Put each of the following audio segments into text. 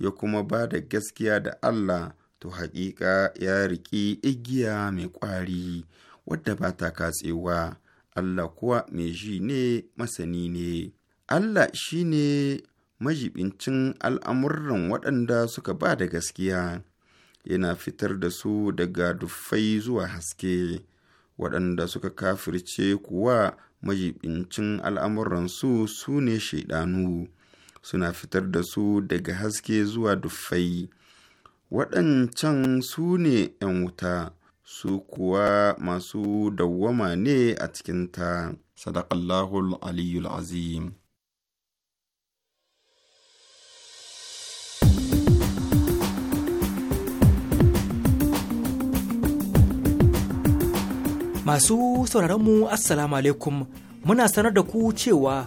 ya kuma ba da gaskiya da Allah to haƙiƙa ya riƙi igiya mai ƙwari wadda ba ta katsewa Allah kuwa mai ji ne masani ne Allah shi ne majibincin al'amuran waɗanda suka ba da gaskiya yana fitar da su daga dufai zuwa haske waɗanda suka kafirce kuwa majibincin al'amuransu su ne shaidanu suna fitar da su daga haske zuwa duffai waɗancan su ne ‘yan wuta su kuwa masu dawwama ne a cikinta sadakallahul aliyul azim Masu sauraronmu Assalamu alaikum muna sanar da ku cewa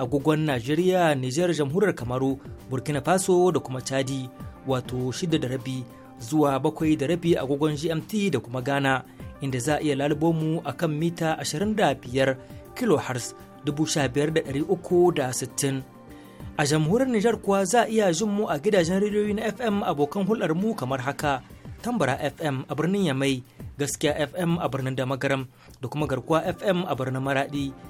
agogon Najeriya, Nijar, Jamhuriyar Kamaru, Burkina Faso da kuma Chadi, wato 6 da rabi zuwa 7 da rabi agogon GMT da kuma Ghana, inda za a iya lalubo mu a kan mita 25 kHz 15,360. A jamhuriyar Nijar kuwa za a iya jin mu a gidajen rediyoyi na FM abokan hulɗar mu kamar haka, Tambara FM a birnin Yamai, Gaskiya FM a birnin Damagaram da kuma Garkuwa FM a birnin Maradi.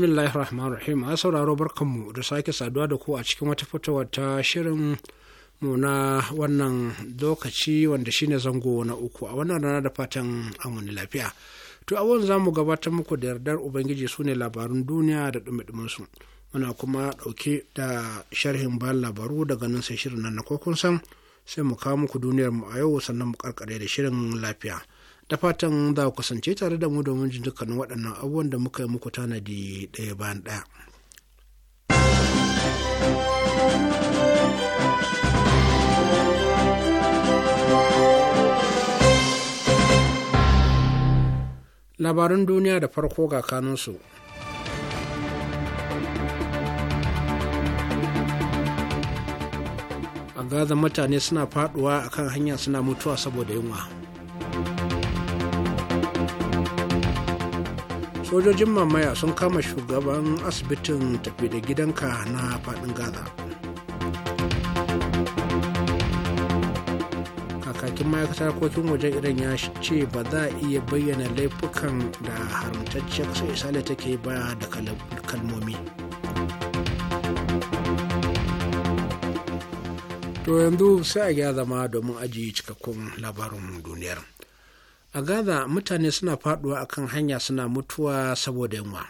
bismillahir rahim a sauraro barkanmu da sake saduwa da ku a cikin wata fitowar ta shirin mu na wannan lokaci wanda shine zango na uku a wannan rana da fatan an lafiya to a za mu gabatar muku da yardar ubangiji su ne labarun duniya da dumi su muna kuma dauke da sharhin bayan labaru daga nan sai shirin nan na kokon san sai mu kawo muku duniyar mu a yau sannan mu karkare da shirin lafiya da fatan za ku kasance tare da mu domin jin dukkanin waɗannan abubuwan da muka yi muku tanadi ɗaya bayan ɗaya. Labarin duniya da farko ga kanunsu. A gaza mutane suna faduwa akan hanya suna mutuwa saboda yunwa. sojojin mamaya sun kama shugaban asibitin tafi da gidanka na faɗin gaza kakakin ma'aikatar harkokin waje idan ya ce ba za a iya bayyana laifukan da haramtacciyar ƙasar isali take ba da kalmomi to yanzu sai a gya zama domin ajiye cikakkun labarin duniyar a gaza mutane suna faduwa akan hanya suna mutuwa saboda yunwa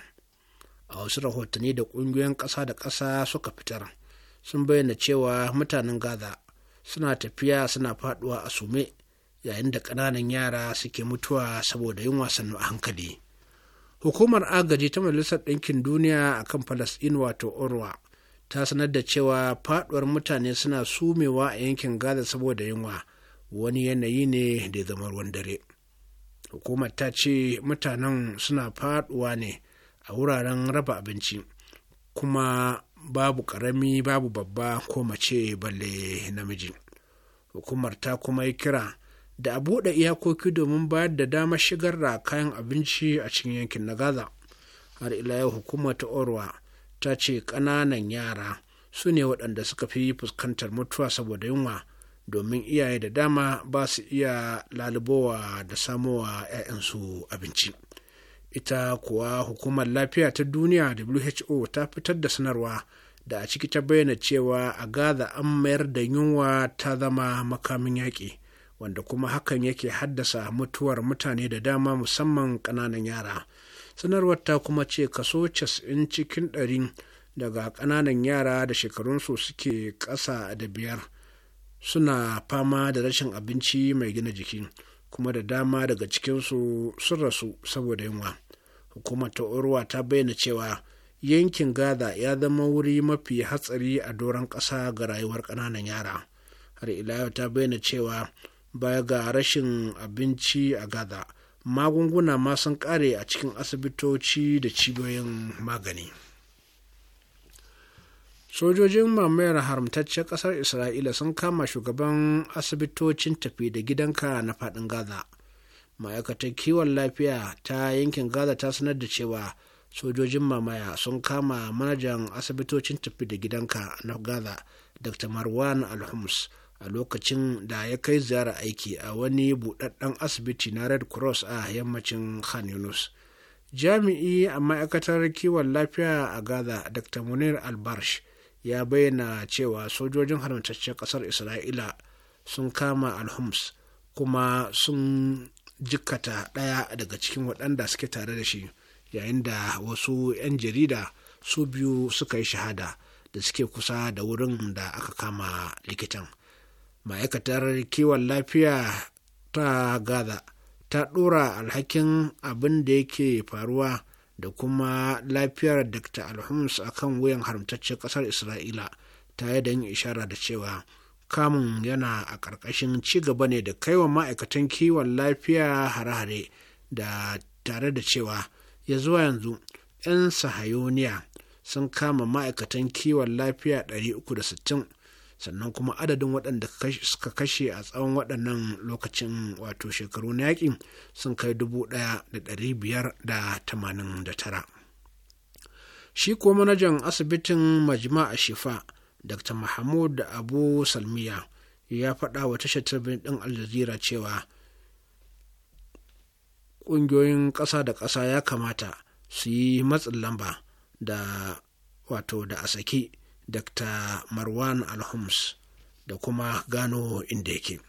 a wasu rahotanni da ƙungiyoyin ƙasa da ƙasa suka fitar sun bayyana cewa mutanen gaza suna tafiya suna faduwa a sume yayin da ƙananan yara suke mutuwa saboda yunwa sannu a hankali hukumar agaji ta majalisar ɗinkin duniya a kan falasɗin wato orwa ta sanar da cewa faduwar mutane suna sumewa a yankin gaza saboda yunwa wani yanayi ne da zama ruwan dare hukumar ta ce mutanen suna faduwa ne a wuraren raba abinci kuma babu ƙarami babu babba ko mace balle namiji hukumar ta kuma yi kira da a buɗe iyakoki domin bayar da damar shigar da kayan abinci a cikin yankin na gaza har ila yau hukumar ta orwa ta ce ƙananan yara su ne waɗanda suka fi fuskantar mutuwa saboda yunwa domin iyaye da dama ba su iya lalubowa da samowa 'ya'yansu abinci ita kuwa hukumar lafiya ta duniya who ta fitar da sanarwa da a ciki ta bayyana cewa a gaza an mayar da yunwa ta zama makamin yaƙi wanda kuma hakan yake haddasa mutuwar mutane da dama musamman ƙananan yara sanarwar ta kuma ce kaso 90 cikin ɗari daga ƙananan yara da shekarunsu suke ƙasa da biyar suna fama da rashin abinci mai gina jiki kuma da dama daga cikinsu sun rasu saboda yunwa hukumar ta ta bayyana cewa yankin gaza ya zama wuri mafi hatsari a doron ƙasa ga rayuwar ƙananan yara har ila ta bayyana cewa baya ga rashin abinci a gaza magunguna ma sun ƙare a cikin asibitoci da cibiyoyin magani sojojin mamayar haramtaccen ƙasar isra'ila sun kama shugaban asibitocin tafi da gidanka na faɗin gaza ma'aikatar kiwon lafiya ta yankin gaza ta sanar da cewa sojojin mamaya sun kama manajan asibitocin tafi da gidanka na gaza dr marwan alhums a lokacin da ya kai ziyara aiki a wani buɗaɗɗen asibiti na red cross a yammacin khan yunus jami'i a ma'aikatar kiwon lafiya a gaza dr munir albarsh ya bayyana cewa sojojin haramtaccen ƙasar isra'ila sun kama alhums kuma sun jikkata ɗaya daga cikin waɗanda suke tare da shi yayin da wasu 'yan jarida su biyu suka yi shahada da suke kusa da wurin da aka kama likitan ma'aikatar kiwon lafiya ta gaza ta ɗora alhakin abin da yake faruwa da kuma lafiyar dr alhums a kan wuyan haramtaccen ƙasar isra'ila tare da yin ishara da cewa kamun yana a ƙarƙashin ci gaba ne da kaiwa ma'aikatan kiwon lafiya hare-hare da tare da cewa ya zuwa yanzu 'yan sahayoniya sun kama ma'aikatan kiwon lafiya 360 sannan kuma adadin waɗanda suka kashe a tsawon waɗannan lokacin wato shekaru na yakin sun kai dubu ɗaya da ɗari biyar da tamanin da tara shi ko manajan asibitin a shifa dr mahmud abu salmiya ya faɗa wa tashar talabijin ɗin aljazira cewa ƙungiyoyin ƙasa da ƙasa ya kamata su yi matsin lamba da wato da a saki dr marwan alhums da kuma gano inda yake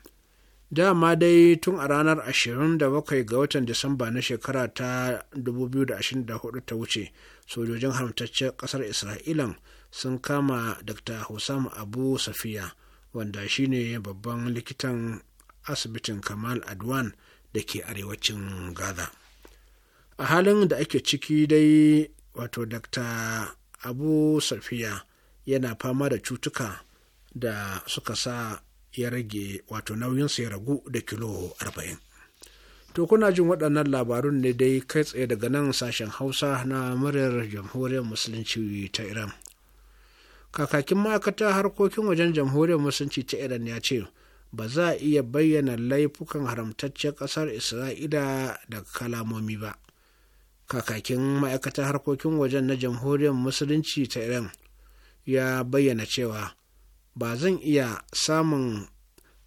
dama dai tun a ranar 27 ga watan disamba na shekara ta 2024 ta wuce sojojin haramtaccen kasar isra'ilan sun kama dr hussam abu safiya wanda shine babban likitan asibitin kamal adwan da ke arewacin gaza a halin da ake ciki dai wato dr abu safiya yana fama da cutuka da suka sa ya rage wato nauyinsa ya ragu da kilo 40 to kuna jin waɗannan labarun ne dai kai tsaye daga nan sashen hausa na muryar jamhuriyar musulunci ta iran kakakin ma'aikatar harkokin wajen jamhuriyar musulunci ta iran ya ce ba za a iya bayyana laifukan haramtaccen ƙasar isra'ila da kalamomi ba kakakin ma'aikatar harkokin wajen na jamhuriyar musulunci ta iran ya bayyana cewa ba zan iya samun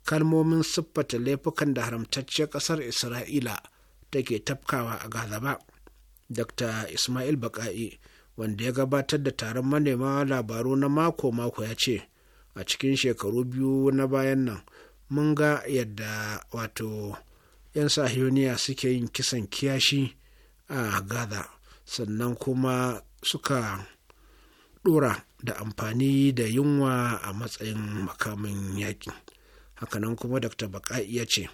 kalmomin siffata laifukan da haramtacciyar ƙasar isra'ila take tafkawa a gaza ba dr ismail baka'i wanda ya gabatar da taron manema labaru na mako-mako ya ce a cikin shekaru biyu na bayan nan mun ga yadda wato 'yan sahiyoniya suke yin kisan kiyashi a gaza sannan kuma suka ɗora da amfani da yunwa a matsayin makamin yaƙi hakanan kuma dr baka'i ya ce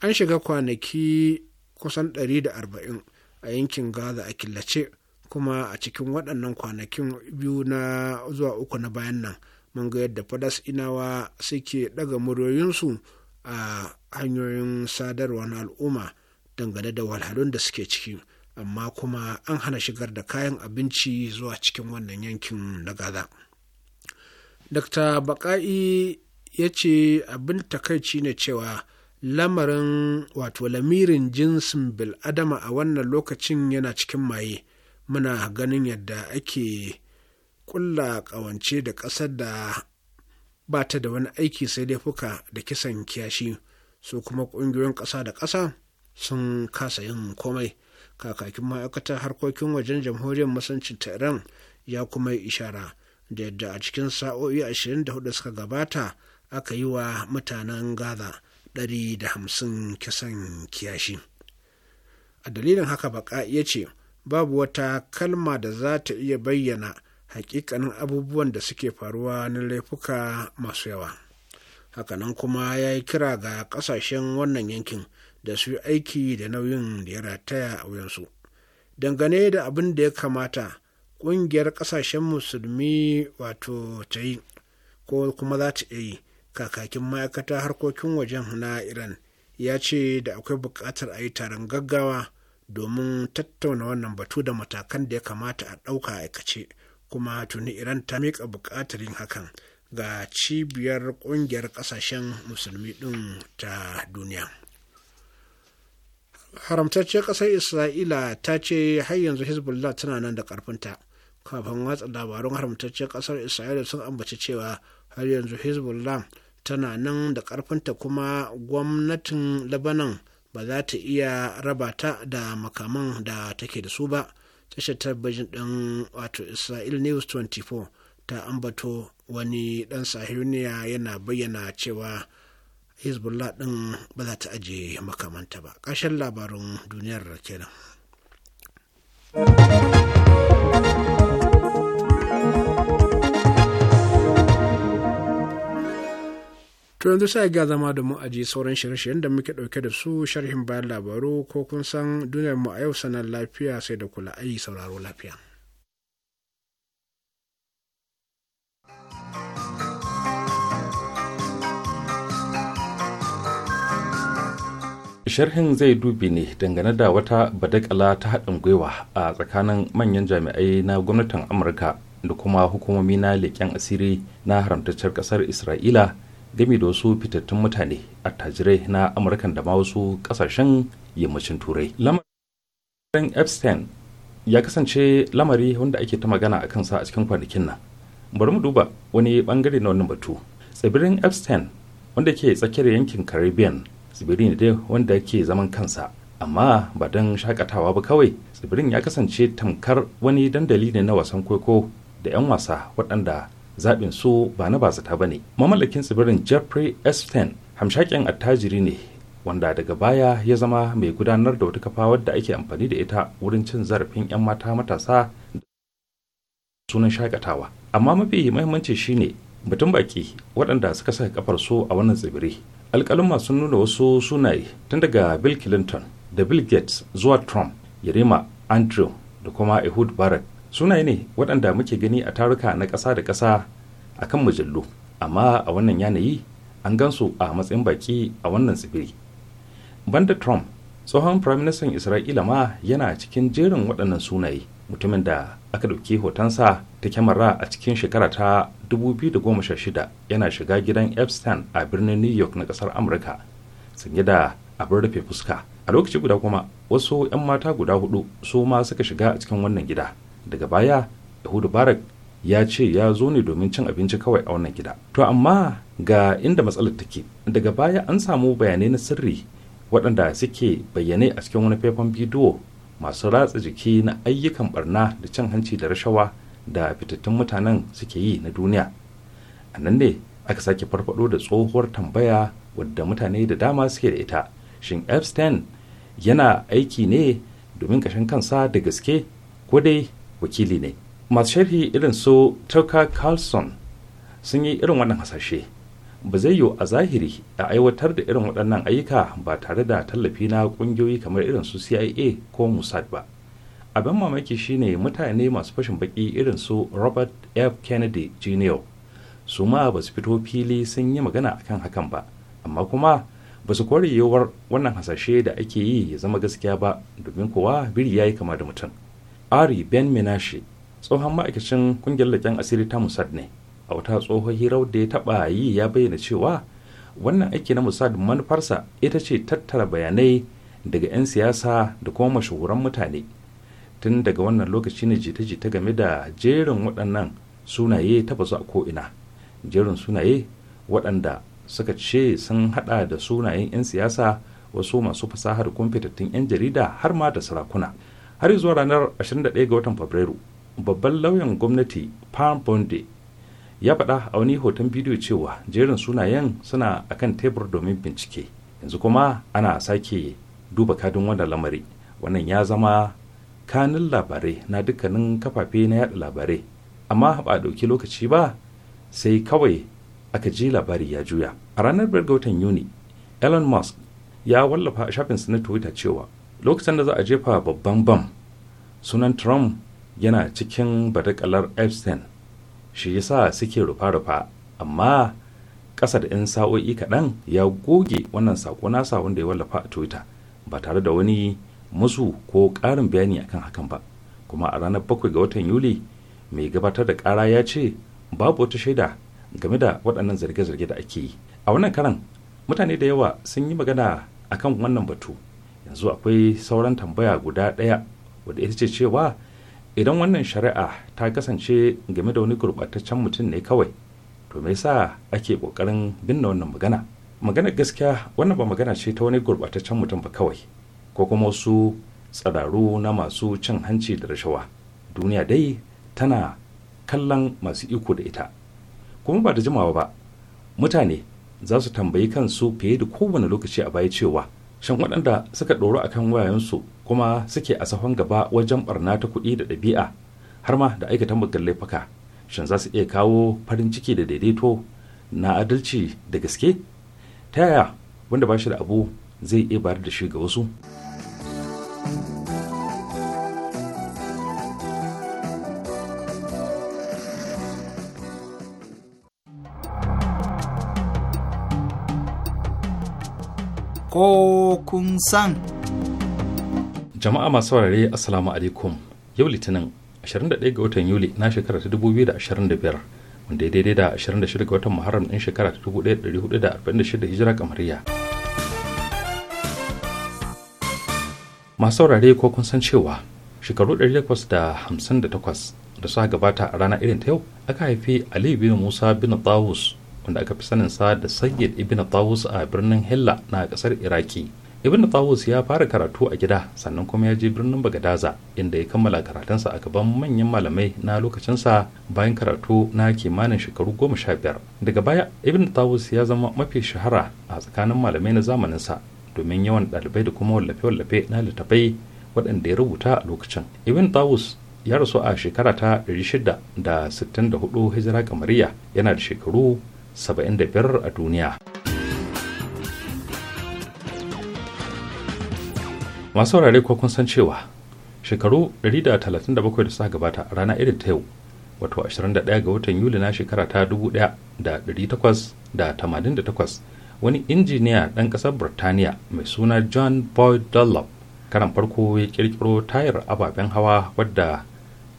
an shiga kwanaki kusan 140 a yankin gaza a killace kuma a cikin waɗannan kwanakin biyu na zuwa uku na bayan nan mun ga yadda inawa suke ɗaga muryoyinsu a hanyoyin sadarwa na al'umma dangane da walhalun da suke ciki amma kuma an hana shigar da kayan abinci zuwa cikin wannan yankin na gaza dr baka'i ya ce abin takaici ne cewa lamarin wato lamirin jinsin bil'adama a wannan lokacin yana cikin maye muna ganin yadda ake kulla kawance da ƙasar da ba ta da wani aiki sai dai fuka da kisan kiyashi su kuma ƙungiyoyin ƙasa da ƙasa sun kasa yin komai kakakin ma'aikatar harkokin wajen jamhuriyar masancin tehran ya kuma yi ishara da yadda a cikin sa'o'i 24 suka gabata aka yi wa mutanen gaza 150 kisan kiyashi a dalilin haka baka ya ce babu wata kalma da za ta iya bayyana hakikanin abubuwan da suke faruwa na laifuka masu yawa hakanan kuma ya yi kira ga kasashen wannan yankin da su aiki da nauyin da ya rataya a wuyansu dangane da abin da ya kamata ƙungiyar ƙasashen musulmi wato ta yi ko kuma za ta yi kakakin ma'aikata harkokin wajen na iran ya ce da akwai buƙatar a yi taron gaggawa domin tattauna wannan batu da matakan da ya kamata a ɗauka aikace kuma tuni iran ta miƙa buƙatar yin hakan ga cibiyar kungiyar kasashen musulmi din ta duniya haramtacce kasar isra'ila ta ce har yanzu hezbollah tana nan da karfinta kafin watsa labarun haramtacce kasar isra'ila sun ambaci cewa har yanzu hezbollah tana nan da karfinta kuma gwamnatin labanan ba za ta iya rabata da makaman da take da su ba tashar tabbajin ɗin wato israel news 24 ta ambato wani ɗan sahiyoniya yana bayyana cewa hezbollah ɗin ba za ta ajiye makamanta ba ƙarshen labarin duniyar kenan. To yanzu sai ga zama da mu ji sauran shirye-shiryen da muke ɗauke da su sharhin bayan labaru ko kun san duniyar mu a yau sanar lafiya sai da kula ayi sauraro lafiya. sharhin zai dubi ne dangane da wata badakala ta haɗin gwiwa a tsakanin manyan jami'ai na gwamnatin amurka da kuma hukumomi na leƙen asiri na haramtaccen ƙasar isra'ila game da wasu fitattun mutane attajirai na amurkan da ma wasu ƙasashen yammacin turai lamarin epstein ya kasance lamari wanda ake ta magana a kansa a cikin kwanakin nan bari mu duba wani bangare na wannan batu tsibirin epstein wanda ke tsakiyar yankin caribbean tsibiri ne dai wanda ke zaman kansa amma ba don shakatawa ba kawai tsibirin ya kasance tamkar wani dandali ne na wasan kwaiko da 'yan wasa waɗanda zaɓin su ba na bazata ba ne mamallakin tsibirin jeffrey s. esten hamshakin attajiri ne wanda daga baya ya zama mai gudanar da wata kafa wadda ake amfani da ita wurin cin zarafin 'yan mata matasa da sunan shakatawa amma mafi muhimmanci shine mutum baki waɗanda suka saka kafar su a wannan tsibiri alkalumma sun nuna wasu sunaye tun daga bill clinton da bill gates zuwa trump yarima andrew da kuma ehud barak sunaye ne waɗanda muke gani a taruka na ƙasa da ƙasa a kan mujallu amma a wannan yanayi an gansu a matsayin baki a wannan tsibiri banda trump tsohon firaministan isra'ila ma yana cikin jerin waɗannan sunaye mutumin da aka ɗauki hotonsa ta kyamara a cikin shekara ta 2016 yana shiga gidan epstein a birnin new york na ƙasar amurka sanye da abin rufe fuska a lokaci guda kuma wasu 'yan mata guda hudu su ma suka shiga a cikin wannan gida daga baya yahudu barak ya ce ya zo ne domin cin abinci kawai a wannan gida to amma ga inda matsalar take daga baya an samu bayanai na sirri waɗanda suke bayyane a cikin wani faifan bidiyo masu ratsa jiki na ayyukan barna da cin hanci da rashawa da fitattun mutanen suke yi na duniya a nan ne aka sake farfado da tsohuwar tambaya wadda mutane da dama suke da ita shin epstein yana aiki ne domin kashin kansa da gaske ko dai wakili ne masu sharhi irin su tucker carlson sun yi irin wannan hasashe ba zai yiwu a zahiri a aiwatar da irin waɗannan ayyuka ba tare da tallafi na ƙungiyoyi kamar irin su cia ko musad ba abin mamaki shine mutane masu fashin baki irin su robert f kennedy jr su ma ba su fito fili sun yi magana akan hakan ba amma kuma ba su kori yiwuwar wannan hasashe da ake yi ya zama gaskiya ba domin kowa biri ya yi kama da mutum ari ben menashe tsohon ma'aikacin ƙungiyar leƙen asiri ta musad ne a wata tsohon hirar da ya taɓa yi ya bayyana cewa wannan aiki na musad manufarsa ita ce tattara bayanai daga 'yan siyasa da kuma mashahuran mutane tun daga wannan lokaci ne jita-jita game da jerin waɗannan sunaye ta a ko'ina jerin sunaye waɗanda suka ce sun haɗa da sunayen 'yan siyasa wasu masu fasahar da kuma 'yan jarida har ma da sarakuna har zuwa ranar 21 ga watan fabrairu babban lauyan gwamnati pam bondi ya faɗa a wani hoton bidiyo cewa jerin sunayen suna akan tebur domin bincike yanzu kuma ana sake duba kadin wannan lamari wannan ya zama kanin labarai na dukkanin kafafe na yada labarai amma ba a ɗauki lokaci ba sai kawai aka je labari ya juya a ranar ga watan yuni elon musk ya wallafa a shafinsa na twitter cewa lokacin da za a jefa babban bam sunan trump yana cikin badakalar epstein shi yasa suke rufa-rufa amma ƙasa da 'yan sa'o'i kaɗan ya goge wannan saƙo nasa wanda ya wallafa a twitter ba tare da wani musu ko ƙarin bayani akan hakan ba kuma a ranar bakwai ga watan yuli mai gabatar da ƙara ya ce babu wata shaida game da waɗannan zarge-zarge da ake yi a wannan karan mutane da yawa sun yi magana akan wannan batu yanzu akwai sauran tambaya guda ɗaya wadda ita ce cewa idan wannan shari'a ta kasance game da wani gurbataccen mutum ne kawai to me yasa ake ƙoƙarin binne wannan magana magana gaskiya wannan ba magana ce ta wani gurɓataccen mutum ba kawai ko kuma wasu tsadaru na masu cin hanci da rashawa duniya dai tana kallon masu iko da ita kuma ba da jimawa ba mutane za su tambayi kansu fiye da kowane lokaci a baya cewa shan waɗanda suka ɗoro akan wayoyinsu kuma suke a sahon gaba wajen barna ta kuɗi da ɗabi'a har ma da aikata muggan laifuka shin za su iya kawo farin ciki da daidaito na adalci da gaske ta yaya wanda ba shi da abu zai iya bayar da shi ga wasu ko kun san jama'a masu saurare assalamu alaikum yau litinin 21 ga watan yuli na shekara ta 2025 wanda ya daidai da 26 ga watan muharram din shekara ta 1446 hijira kamariya masu saurare ko kun san cewa shekaru 1858 da suka gabata a rana irin ta yau aka haifi ali bin musa bin tawus wanda aka fi saninsa da sayyid ibn tawus a birnin hilla na kasar iraki ibn tawus ya fara karatu a gida sannan kuma ya je birnin bagadaza inda ya kammala karatunsa a gaban manyan malamai na lokacinsa bayan karatu na kimanin shekaru goma sha biyar daga baya ibn tawus ya zama mafi shahara a tsakanin malamai na zamaninsa domin yawan ɗalibai da kuma wallafe-wallafe na littattafai waɗanda ya rubuta a lokacin ibn tawus ya rasu a shekara ta 664 hijira kamariya yana da shekaru 75 a duniya. masu saurare ko kun san cewa shekaru 137 da suka gabata a rana irin ta yau wato 21 ga watan yuli na shekara ta 1888 wani injiniya ɗan ƙasar burtaniya mai suna john boyd dunlop karan farko ya kirkiro tayar ababen hawa wadda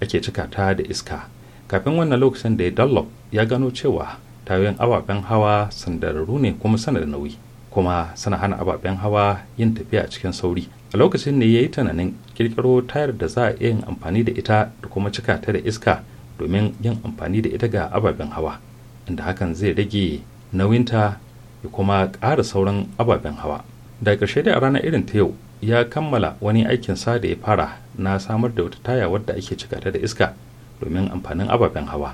ake cika ta da iska kafin wannan lokacin da ya dunlop ya gano cewa tayoyin ababen hawa sandararru ne kuma sana da nauyi kuma sana hana ababen hawa yin tafiya cikin sauri a lokacin ne ya yi tunanin kirkiro tayar da za a iya yin amfani da ita da kuma cika ta da iska domin yin amfani da ita ga ababen hawa inda hakan zai rage nauyinta ya kuma ƙara sauran ababen hawa da ƙarshe da a ranar irin ta yau ya kammala wani aikin sa da ya fara na samar da wata taya wadda ake cika ta da iska domin amfanin ababen hawa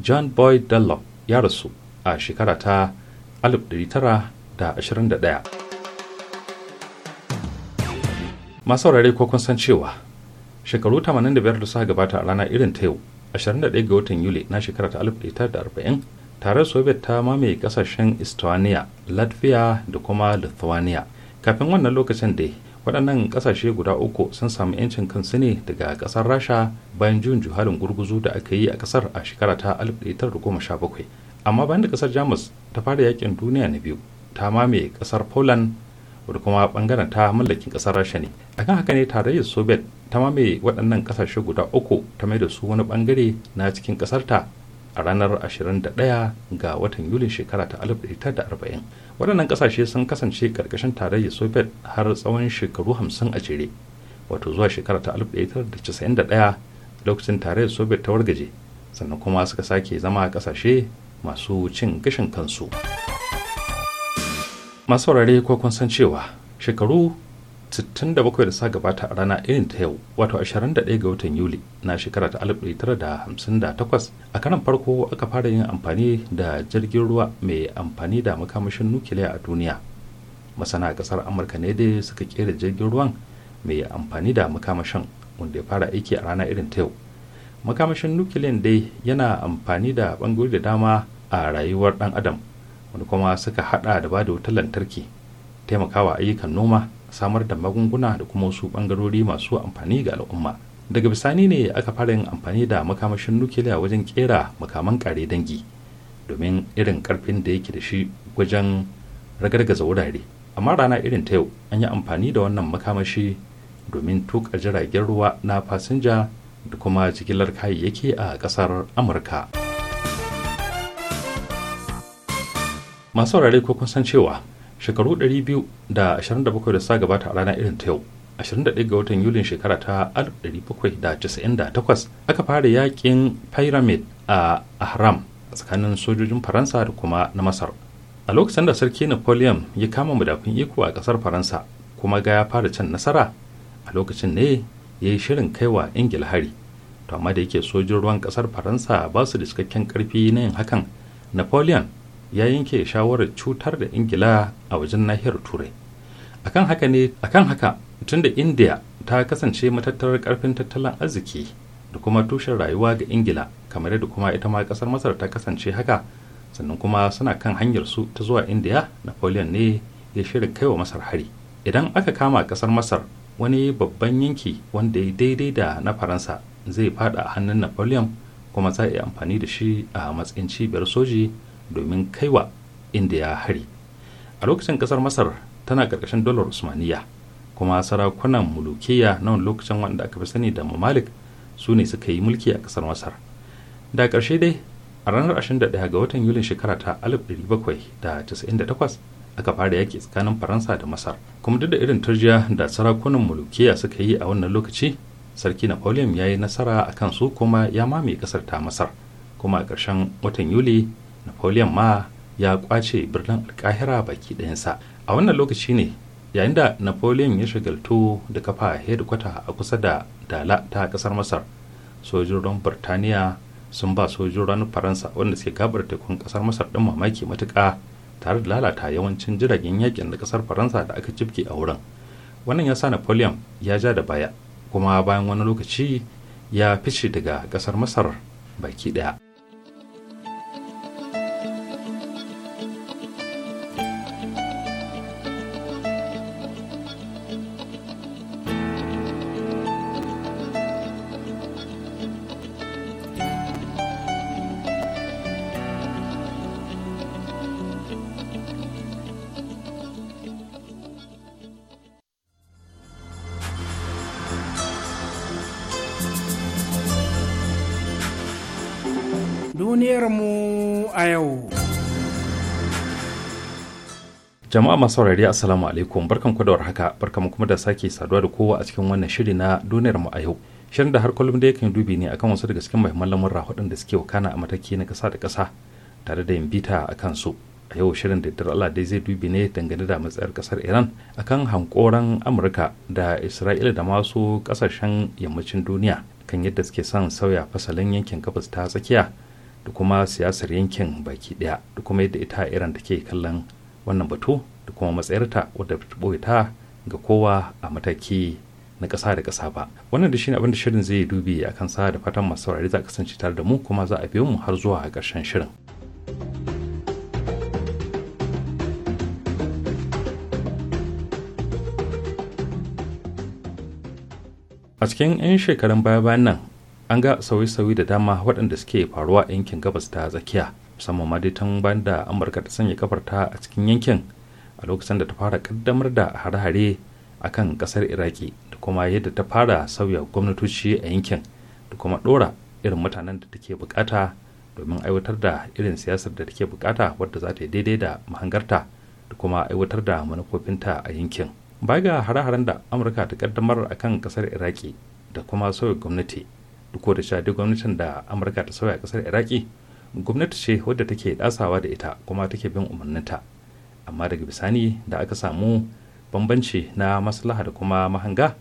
john boyd dunlop ya rasu a shekara ta 1921 masaurare ko kun san cewa shekaru 85 da suka gabata a rana irin ta yau 21 ga watan yuli na shekara ta 1940 tare soviet ta mamaye kasashen estonia latvia da kuma lithuania kafin wannan lokacin dai waɗannan ƙasashe guda uku sun samu 'yancin kansu ne daga ƙasar rasha bayan juyin juhalin gurguzu da aka yi a kasar a shekara ta 1917 amma bayan da ƙasar jamus ta fara yakin duniya na biyu ta mamaye ƙasar poland wadda kuma bangaren ta mallakin kasar rasha ne a kan haka ne tarayyar soviet ta mamaye waɗannan ƙasashe guda uku ta mai da su wani bangare na cikin ƙasarta a ranar 21 ga watan yulin shekara ta 1940 waɗannan kasashe sun kasance karkashin tarayyar soviet har tsawon shekaru 50 a jere wato zuwa shekara ta 1991 lokacin tarayyar soviet ta wargaje sannan kuma suka sake zama ƙasashe masu cin gashin kansu. masu wurare ko kun san cewa shekaru 67 da sa gabata a rana irin ta yau wato 21 ga watan yuli na shekara ta 1958 a karan farko aka fara yin amfani da jirgin ruwa mai amfani da makamashin nukiliya a duniya masana kasar amurka ne dai suka kera jirgin ruwan mai amfani da makamashin wanda ya fara aiki a rana irin ta yau makamashin nukiliyan dai yana amfani da bangarori da dama a rayuwar dan adam wanda kuma suka hada da bada wutar lantarki taimakawa ayyukan noma samar da magunguna da kuma wasu bangarori masu amfani ga al'umma daga bisani ne aka fara yin amfani da makamashin nukiliya wajen kera makaman kare dangi domin irin karfin da yake da shi wajen ragargaza wurare amma rana irin ta yau an yi amfani da wannan makamashi domin tuka jiragen ruwa na fasinja da kuma jigilar kayayyaki a kasar amurka. masu saurare ko kun san cewa shekaru 227 da sa gabata a rana irin ta yau 21 ga watan yulin shekara ta 1798 aka fara yakin pyramid a ahram tsakanin sojojin faransa da kuma na masar a lokacin da sarki napoleon ya kama madafin iko a kasar faransa kuma ga ya fara cin nasara a lokacin ne ya yi shirin kaiwa ingila hari to amma da yake sojin ruwan kasar faransa ba su da cikakken karfi na yin hakan napoleon ya yanke shawarar cutar da ingila a wajen nahiyar turai akan haka ne akan haka tunda india ta kasance matattarar karfin tattalin arziki da kuma tushen rayuwa ga ingila kamar yadda kuma ita ma kasar masar ta kasance haka sannan kuma suna kan hanyar su ta zuwa india napoleon ne ya shirin kai wa masar hari idan aka kama kasar masar wani babban yanki wanda ya daidai da na faransa zai fada a hannun napoleon kuma za a yi amfani da shi a matsayin cibiyar soji domin kaiwa inda ya hari a lokacin kasar masar tana karkashin dolar Usmaniyya, kuma sarakunan mulukiya na wani lokacin wanda aka fi sani da mamalik su ne suka yi mulki a kasar masar da ƙarshe dai a ranar 21 ga watan yulin shekara ta 1798 aka fara yaki tsakanin faransa da masar kuma duk da irin turjiya da sarakunan mulukiya suka yi a wannan lokaci sarki napoleon ya yi nasara a kansu kuma ya mame kasar ta masar kuma a ƙarshen watan yuli napoleon ma ya kwace birnin alkahira baki ɗayansa a wannan lokaci ne yayin da napoleon ya shagaltu da kafa hedikwata a kusa da dala ta kasar masar sojojin birtaniya sun ba sojin faransa wanda suke gabar tekun kasar masar ɗin mamaki matuka tare da lalata yawancin jiragen yakin da kasar faransa da aka cibke a wurin wannan ya sa napoleon ya ja da baya kuma bayan wani lokaci ya fice daga kasar masar baki ɗaya jama'a masu saurari assalamu alaikum barkan ku da warhaka barkan kuma da sake saduwa da kowa a cikin wannan shiri na duniyar mu a yau shirin da har kullum da yakan dubi ne akan wasu daga cikin muhimman lamurra hudun da suke wakana a mataki na kasa da kasa tare da yin bita a kansu a yau shirin da dar Allah dai zai dubi ne dangane da matsayar kasar Iran akan hankoran Amurka da Isra'ila da masu kasashen yammacin duniya kan yadda suke son sauya fasalin yankin gabas ta tsakiya da kuma siyasar yankin baki daya da kuma yadda ita Iran take kallon wannan batu da kuma matsayarta wadda ta ɓoye ta ga kowa a mataki na ƙasa da ƙasa ba wannan da shine abin shirin zai dubi a kan sa da fatan masu saurari za kasance tare da mu kuma za a biyo mu har zuwa karshen shirin a cikin 'yan shekarun baya-bayan nan an ga sauye-sauye da dama waɗanda suke faruwa a yankin gabas ta tsakiya musamman ma dai tun bayan da amurka ta sanya kafarta a cikin yankin a lokacin da ta fara kaddamar da hare-hare a kan kasar iraki da kuma yadda ta fara sauya gwamnatoci a yankin da kuma dora irin mutanen da take bukata domin aiwatar da irin siyasar da take bukata wadda za ta yi daidai da mahangarta da kuma aiwatar da manufofinta a yankin baya ga hare-haren da amurka ta kaddamar a kan kasar iraki da kuma sauya gwamnati duk da sha gwamnatin da amurka ta sauya kasar iraki gwamnati ce wadda take dasawa da ita kuma take bin umarninta amma daga bisani da aka samu bambanci na maslaha da kuma mahanga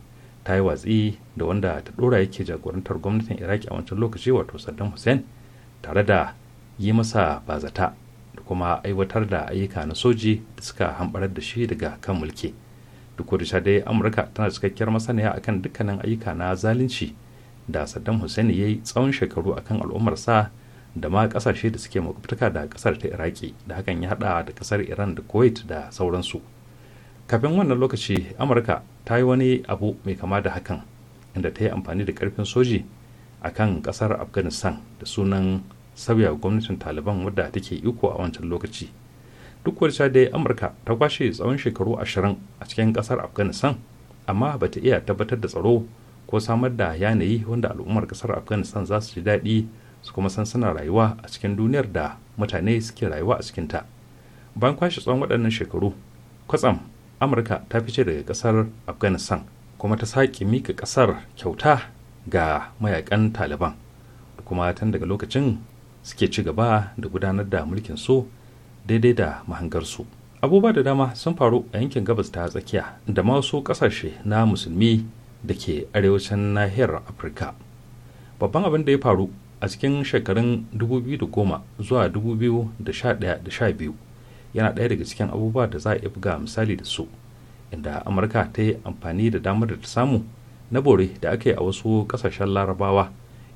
ta yi watsi da wanda ta dora yake jagorantar gwamnatin iraki a wancan lokaci wato saddam hussein tare da yi masa bazata da kuma aiwatar da ayyuka na soji da suka hambarar da shi daga kan mulki duk da dai amurka tana cikakkiyar masaniya akan dukkanin ayyuka na zalunci da saddam hussein ya yi tsawon shekaru akan al'ummarsa da ma kasashe da suke makwabtaka da kasar ta iraki da hakan ya hada da kasar iran da kuwait da sauransu kafin wannan lokaci amurka ta yi wani abu mai kama da hakan inda ta yi amfani da karfin soji a kan kasar afghanistan da sunan sauya gwamnatin taliban wadda take iko a wancan lokaci duk wadda dai amurka ta kwashe tsawon shekaru ashirin a cikin kasar afghanistan amma ba ta iya tabbatar da tsaro ko samar da yanayi wanda al'ummar kasar afghanistan za su ji daɗi su kuma san suna rayuwa a cikin duniyar da mutane suke rayuwa a cikinta bayan kwashe tsawon waɗannan shekaru kwatsam amurka ta fice daga ƙasar afghanistan kuma ta sake mika ƙasar kyauta ga mayakan taliban da kuma tun daga lokacin suke ci gaba da gudanar da mulkin su daidai da mahangarsu abubuwa da dama sun faru a yankin gabas ta tsakiya da ma wasu ƙasashe na musulmi da ke arewacin nahiyar afirka babban abin da ya faru a cikin shekarun 2010 zuwa 2011-12 yana ɗaya daga cikin abubuwa da za a iya buga misali da su inda amurka ta yi amfani da damar da ta samu na bore da aka yi a wasu ƙasashen larabawa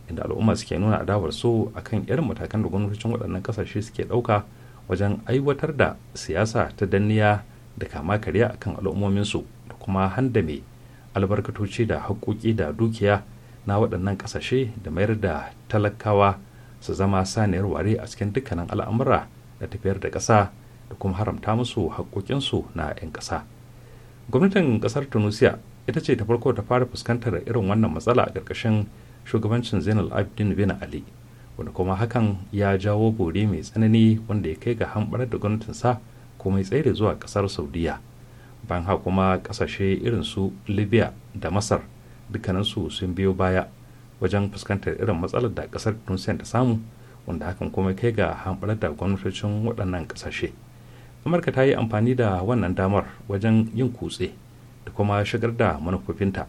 inda al'umma suke nuna adawar su kan irin matakan da gwamnatocin waɗannan ƙasashe suke ɗauka wajen aiwatar da siyasa ta danniya da kama karya akan al'ummominsu da kuma handame albarkatoci da haƙoƙi da dukiya na waɗannan ƙasashe da mayar da talakawa su zama saniyar ware a cikin dukkanin al'amura da tafiyar da ƙasa da kuma haramta musu haƙoƙinsu na 'yan ƙasa gwamnatin ƙasar tunisia ita ce ta farko ta fara fuskantar irin wannan matsala a ƙarƙashin shugabancin zainal abidin bin ali wanda kuma hakan ya jawo bore mai tsanani wanda ya kai ga hamɓarar da gwamnatinsa kuma ya tsere zuwa ƙasar saudiya ban ha kuma ƙasashe irin su libya da masar dukkaninsu sun biyo baya wajen fuskantar irin matsalar da kasar tunisiya ta samu wanda hakan kuma kai ga hamɓarar da gwamnatocin waɗannan ƙasashe amurka ta yi amfani da wannan damar wajen yin kutse da kuma shigar da manufofinta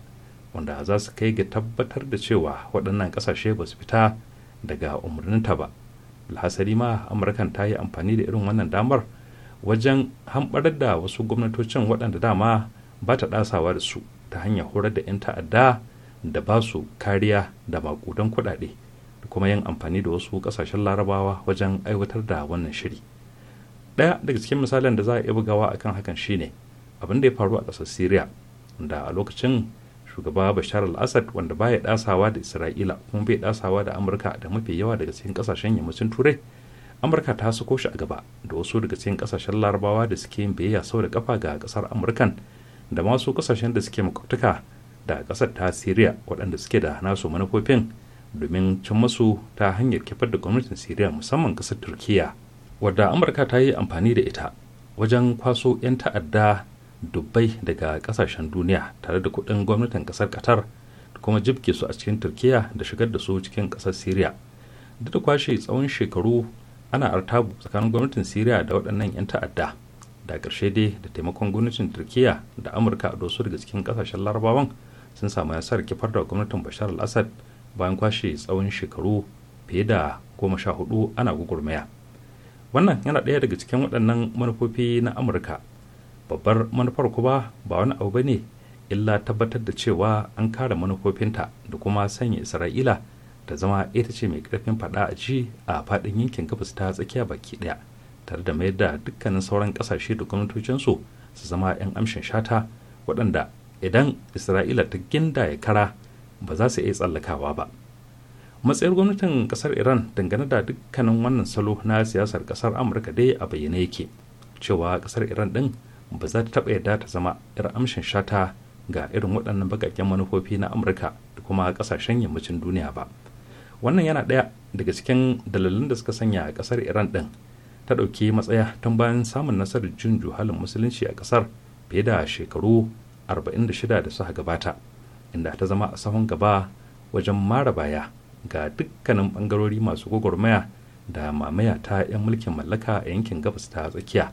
wanda za su kai ga tabbatar da cewa waɗannan ƙasashe ba su fita daga umarninta ba alhasari ma amurkan ta yi amfani da irin wannan damar wajen hamɓarar da wasu gwamnatocin waɗanda dama ba ta ɗasawa da su ta hanyar horar da 'yan ta'adda da ba su kariya da makudan kuɗaɗe da kuma yin amfani da wasu ƙasashen larabawa wajen aiwatar da wannan shiri daya daga cikin misalin da za a iya bugawa akan hakan shine abin da ya faru a ƙasar syria da a lokacin shugaba bashar al-assad wanda baya ɗasawa da isra'ila kuma bai ɗasawa da amurka da mafi yawa daga cikin ƙasashen yammacin turai amurka ta sako shi a gaba da wasu daga cikin ƙasashen larabawa da suke biyayya sau da kafa ga ƙasar amurkan da masu kasashen da suke makwabtaka da ƙasar ta siriya waɗanda suke da nasu manufofin domin cin masu ta hanyar kifar da gwamnatin siriya musamman ƙasar turkiya wadda amurka ta yi amfani da ita wajen kwaso 'yan ta'adda dubbai daga kasashen duniya tare da kuɗin gwamnatin ƙasar qatar da kuma jibge su a cikin turkiya da shigar da su cikin kasar syria duk da kwashe tsawon shekaru ana artabu tsakanin gwamnatin syria da waɗannan 'yan ta'adda da ƙarshe dai da taimakon gwamnatin turkiya da amurka a dosu daga cikin ƙasashen larabawan sun samu nasarar kifar da gwamnatin bashar al-assad bayan kwashe tsawon shekaru fiye da goma sha hudu ana gugurmaya wannan yana ɗaya daga cikin waɗannan manufofi na amurka babbar manufar kuma ba wani abu ba ne illa tabbatar da cewa an kare manufofinta da kuma sanya isra'ila ta zama ita ce mai ƙarfin faɗa a ji a faɗin yankin gabas ta tsakiya baki ɗaya tare da mayar da dukkanin sauran kasashe da gwamnatocinsu su zama 'yan amshin shata waɗanda idan isra'ila ta ginda ya kara ba za su iya tsallakawa ba matsayin gwamnatin ƙasar iran dangane da dukkanin wannan salo na siyasar ƙasar amurka dai a bayyane yake cewa ƙasar iran din ba za ta taɓa yadda ta zama 'yar amshin shata ga irin waɗannan bakaken manufofi na amurka da kuma ƙasashen yammacin duniya ba wannan yana ɗaya daga cikin dalilin da suka sanya ƙasar iran din ta ɗauki matsaya tun bayan samun nasarar jin juhalin musulunci a ƙasar fiye da shekaru 46 da suka gabata inda ta zama a sahun gaba wajen mara baya ga dukkanin bangarori masu gwagwarmaya da mamaya ta 'yan mulkin mallaka a yankin gabas ta tsakiya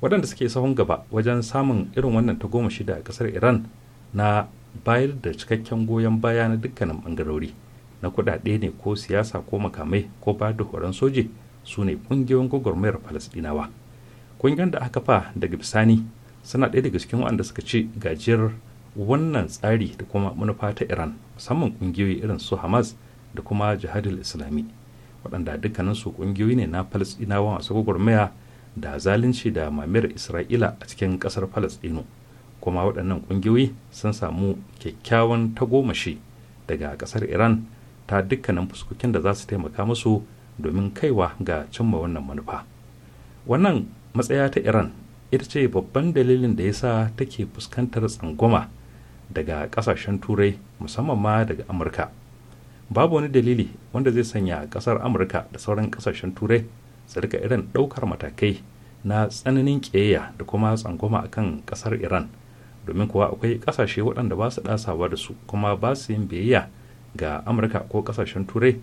waɗanda suke sahun gaba wajen samun irin wannan ta goma shida a ƙasar iran na bayar da cikakken goyon baya na dukkanin bangarori na kuɗaɗe ne ko siyasa ko makamai ko ba da horon soji su ne ƙungiyoyin gwagwarmayar falasɗinawa ƙungiyar da aka fa daga bisani suna ɗaya daga cikin waɗanda suka ci gajiyar wannan tsari da kuma manufa ta iran musamman ƙungiyoyi irin su hamas da kuma jihadul islami waɗanda dukkaninsu ƙungiyoyi ne na falasɗinawa masu gwagwarmaya da zalunci da mamayar isra'ila a cikin ƙasar falasɗinu kuma waɗannan ƙungiyoyi sun samu kyakkyawan tagomashi daga ƙasar iran ta dukkanin fuskokin da za su taimaka musu domin kaiwa ga cimma wannan manufa wannan matsaya ta iran ita ce babban dalilin da ya sa take fuskantar tsangwama daga kasashen turai musamman ma daga amurka babu wani dalili wanda zai sanya kasar amurka da sauran kasashen turai su rika irin daukar matakai na tsananin ƙiyayya da kuma tsangwama akan kasar iran domin kuwa akwai kasashe waɗanda ba su ɗasawa da su kuma ba su yin biyayya ga amurka ko kasashen turai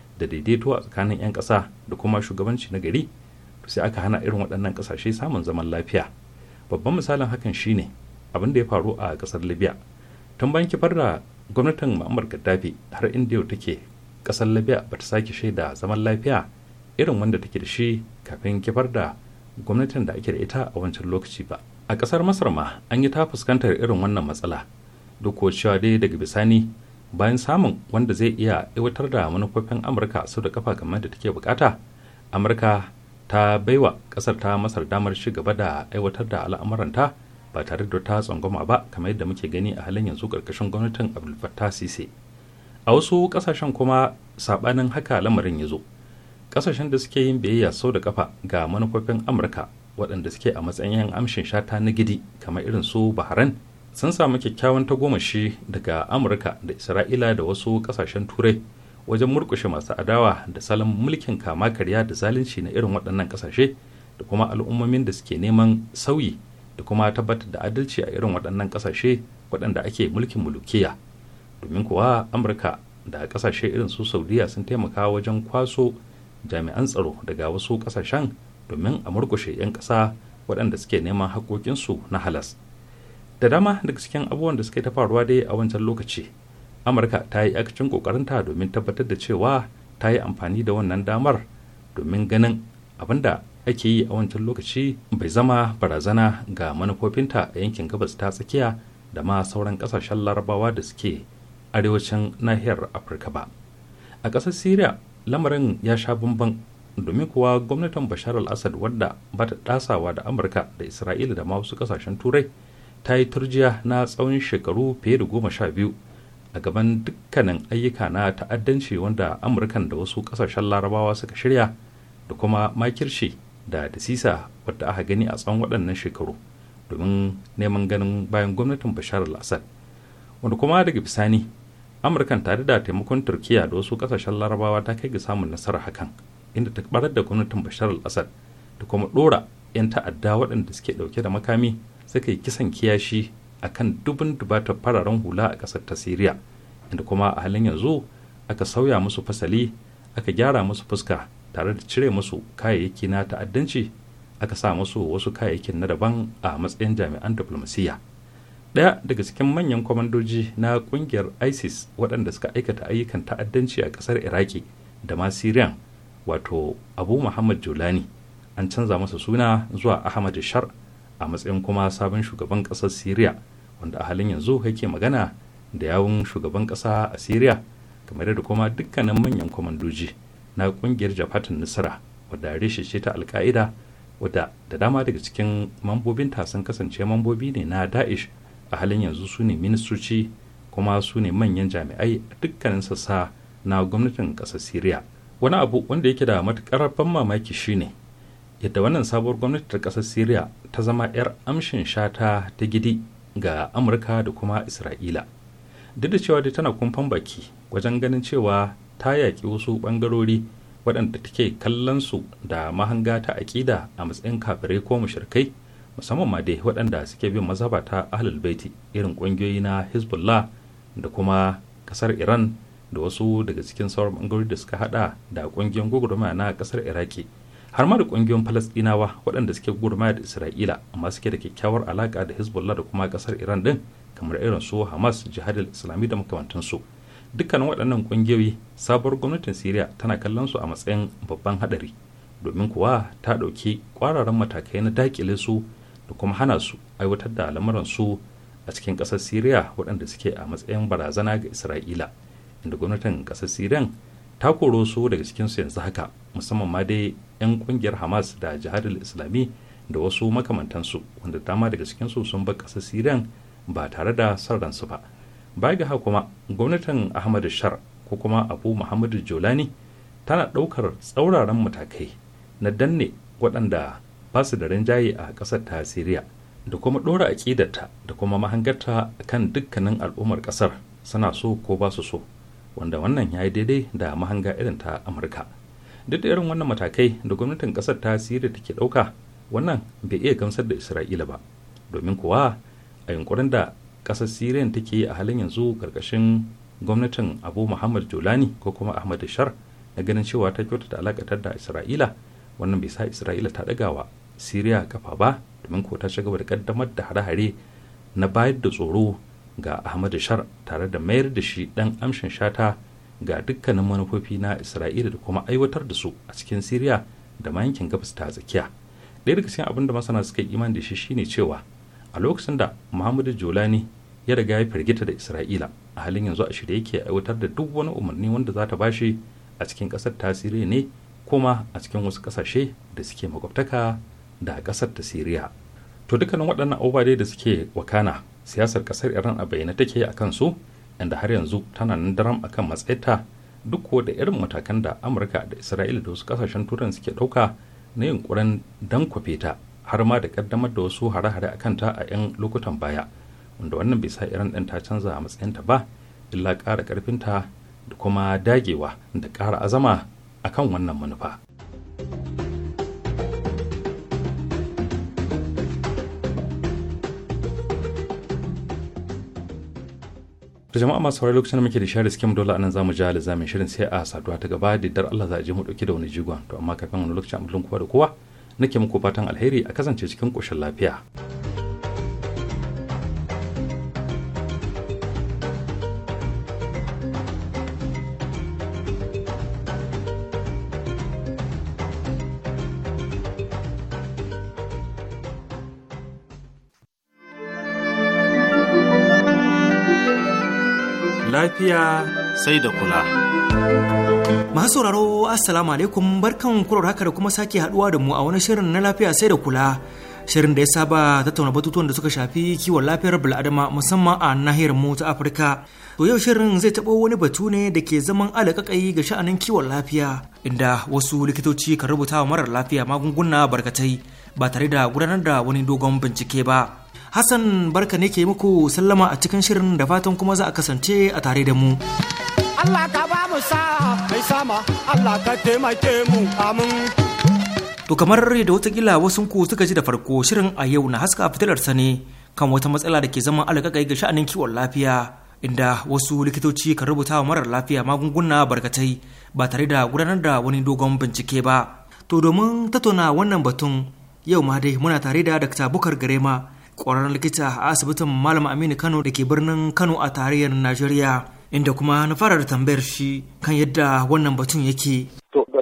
da daidaito a tsakanin 'yan ƙasa da kuma shugabanci na gari sai aka hana irin waɗannan ƙasashe samun zaman lafiya babban misalin hakan shine abin da ya faru a ƙasar libya tun bayan kifar da gwamnatin ma'amar gaddafi har inda yau take ƙasar libya ba ta sake shaida zaman lafiya irin wanda take da shi kafin kifar da gwamnatin da ake da ita a wancan lokaci ba a ƙasar masar ma an yi ta fuskantar irin wannan matsala duk cewa dai daga bisani bayan samun wanda zai iya aiwatar da manufofin amurka sau da kafa kamar da take bukata amurka ta baiwa kasar ta masar damar ci gaba da aiwatar da al'amuranta ba tare da ta tsangwama ba kamar yadda muke gani a halin yanzu karkashin gwamnatin abdul fattah sise a wasu kasashen kuma sabanin haka lamarin ya zo kasashen da suke yin biyayya sau da kafa ga manufofin amurka waɗanda suke a matsayin amshin shata na gidi kamar irin su baharan sun samu kyakkyawan tagomashi daga amurka da isra'ila da wasu kasashen turai wajen murkushe masu adawa da salon mulkin kama karya da zalunci na irin waɗannan kasashe da kuma al'ummomin da suke neman sauyi da kuma tabbatar da adalci a irin waɗannan kasashe waɗanda ake mulkin mulukiya domin kuwa amurka da kasashe irin su saudiya sun taimaka wajen kwaso jami'an tsaro daga wasu kasashen domin a murkushe 'yan ƙasa waɗanda suke neman haƙoƙinsu na halas da dama daga cikin abubuwan da suka ta faruwa dai a wancan lokaci amurka ta yi akacin kokarinta domin tabbatar da cewa ta yi amfani da wannan damar domin ganin abin da ake yi a wancan lokaci bai zama barazana ga manufofinta a yankin gabas ta tsakiya da ma sauran kasashen larabawa da suke arewacin nahiyar afirka ba a ƙasar syria lamarin ya sha bamban domin kuwa gwamnatin bashar al-assad wadda ba ta ɗasawa da amurka da isra'ila da ma wasu ƙasashen turai ta yi turjiya na tsawon shekaru fiye da goma sha biyu a gaban dukkanin ayyuka na ta'addanci wanda amurkan da wasu kasashen larabawa suka shirya da kuma makirci da dasisa wadda aka gani a tsawon waɗannan shekaru domin neman ganin bayan gwamnatin bashar al-assad wanda kuma daga bisani amurkan tare da taimakon turkiya da wasu kasashen larabawa ta kai ga samun nasara hakan inda ta barar da gwamnatin bashar al-assad da kuma ɗora 'yan ta'adda waɗanda suke ɗauke da makami suka yi kisan kiyashi a kan dubin dubatar fararen hula a ƙasar ta siriya inda kuma a halin yanzu aka sauya musu fasali aka gyara musu fuska tare da cire musu kayayyaki na ta'addanci aka sa musu wasu kayayyakin na daban a matsayin jami'an diflomasiyya ɗaya daga cikin manyan kwamandoji na ƙungiyar isis waɗanda suka aikata ayyukan ta'addanci a ƙasar iraki da ma siriyan wato abu muhammad julani an canza masa suna zuwa ahmad shar a matsayin kuma sabon shugaban ƙasar syria wanda a halin yanzu yake magana da yawun shugaban ƙasa a syria kamar da kuma dukkanin manyan kwamandoji na ƙungiyar jafatin nasara wadda reshe ce ta alka'ida wadda da dama daga cikin mambobinta sun kasance mambobi ne na daesh a halin yanzu su ne ministoci kuma su ne manyan jami'ai a dukkanin sassa na gwamnatin ƙasar syria wani abu wanda yake da matuƙar ban mamaki shine yadda wannan sabuwar gwamnati ta ƙasar syria ta zama 'yar amshin shata ta gidi ga amurka da kuma isra'ila duk da cewa dai tana kumfan baki wajen ganin cewa ta yaƙi wasu ɓangarori waɗanda take kallon su da mahanga ta aƙida a matsayin kafirai ko mushirkai musamman ma dai waɗanda suke bin mazhaba ta ahlul baiti irin ƙungiyoyi na hezbollah da kuma ƙasar iran da wasu daga cikin sauran ɓangarori da suka haɗa da ƙungiyar gwagwarmaya na ƙasar iraki har ma da kungiyoyin falasdinawa waɗanda suke gurmaya da isra'ila amma suke da kyakkyawar alaƙa da hezbollah da kuma ƙasar iran din kamar irin su hamas jihadil islami da makamantansu dukkanin waɗannan kungiyoyi sabuwar gwamnatin syria tana kallon su a matsayin babban haɗari domin kuwa ta ɗauki ƙwararren matakai na dakile su da kuma hana su aiwatar da lamuran su a cikin ƙasar siriya waɗanda suke a matsayin barazana ga isra'ila inda gwamnatin ƙasar siriyan ta koro su daga cikinsu yanzu haka musamman ma dai 'yan kungiyar hamas da jihar islami da wasu makamantansu wanda dama daga cikinsu sun bar kasa siriyan ba tare da son ransu ba baya ga haka kuma gwamnatin ahmadu shar ko kuma abu muhammadu jolani tana ɗaukar tsauraran matakai na danne waɗanda ba su da rinjaye a ƙasar ta siriya da kuma ɗora aƙidarta da kuma mahangarta kan dukkanin al'ummar ƙasar suna so ko ba su so wanda wannan ya yi daidai da mahanga irin ta amurka duk da irin wannan matakai da gwamnatin kasar ta da take ɗauka wannan bai iya gamsar da isra'ila ba domin kuwa a yunkurin da ƙasar siriyan take a halin yanzu karkashin gwamnatin abu muhammad jolani ko kuma ahmad shar na ganin cewa ta kyautata alakatar da isra'ila wannan bai sa isra'ila ta ɗaga wa siriya kafa ba domin ko ta shiga da ƙaddamar da hare-hare na bayar da tsoro ga ahmad shar tare da mayar da shi ɗan amshin shata ga dukkanin manufofi na isra'ila da kuma aiwatar da su a cikin siriya da ma yankin gabas ta tsakiya ɗaya daga cikin abin da masana suka yi imani da shi shine cewa a lokacin da muhammadu jolani ya riga ya firgita da isra'ila a halin yanzu a shirye yake aiwatar da duk wani umarni wanda za ta bashi a cikin ƙasar ta siriya ne kuma a cikin wasu ƙasashe da suke makwabtaka da ƙasar ta siriya to dukkanin waɗannan abubuwa da suke wakana siyasar ƙasar iran a bayyana take a kan su. inda har yanzu tana nan daram akan matsayinta duk kuwa da irin matakan da amurka da isra'ila da wasu kasashen turan suke ɗauka na yunkurin kwafe ta har ma da kaddamar da wasu hare-hare a kanta a 'yan lokutan baya wanda wannan bai sa irin ɗin ta canza a matsayinta ba illa ƙara ƙarfinta da kuma dagewa da ƙara azama akan wannan manufa. to jama'a masu saurari lokacin da muke da share skim dole anan zamu ji haliza mai shirin sai a saduwa ta gaba da dar Allah za a je mu dauki da wani jigon to amma kafin wani lokacin amulin kowa da kowa nake muku fatan alheri a kasance cikin koshin lafiya. lafiya sai da kula. Masu sauraro Assalamu alaikum barkan kurar haka da kuma sake haduwa da mu a wani shirin na lafiya sai da kula. Shirin da ya saba tattauna batutuwan da suka shafi kiwon lafiyar bil'adama musamman a nahiyar mu ta Afirka. To yau shirin zai taɓo wani batu ne da ke zaman alaƙaƙai ga sha'anin kiwon lafiya inda wasu likitoci kan rubuta wa marar lafiya magunguna barkatai ba tare da gudanar da wani dogon bincike ba. Hassan barka ne ke muku sallama a cikin shirin da fatan kuma za a kasance a tare da mu. Allah ka ba mu mai sama Allah ka taimake mu amin. To kamar da watakila wasu ku suka ji da farko shirin a yau na haska fitilar sani kan wata matsala da ke zama alƙaƙai ga sha'anin kiwon lafiya inda wasu likitoci kan rubuta wa marar lafiya magunguna barkatai ba tare da gudanar da wani dogon bincike ba. To domin tattauna wannan batun yau ma dai muna tare da Dr. Bukar Garema ƙwararren likita a asibitin malam aminu kano da ke birnin kano a tarayyar najeriya inda kuma na fara da tambayar shi kan yadda wannan batun yake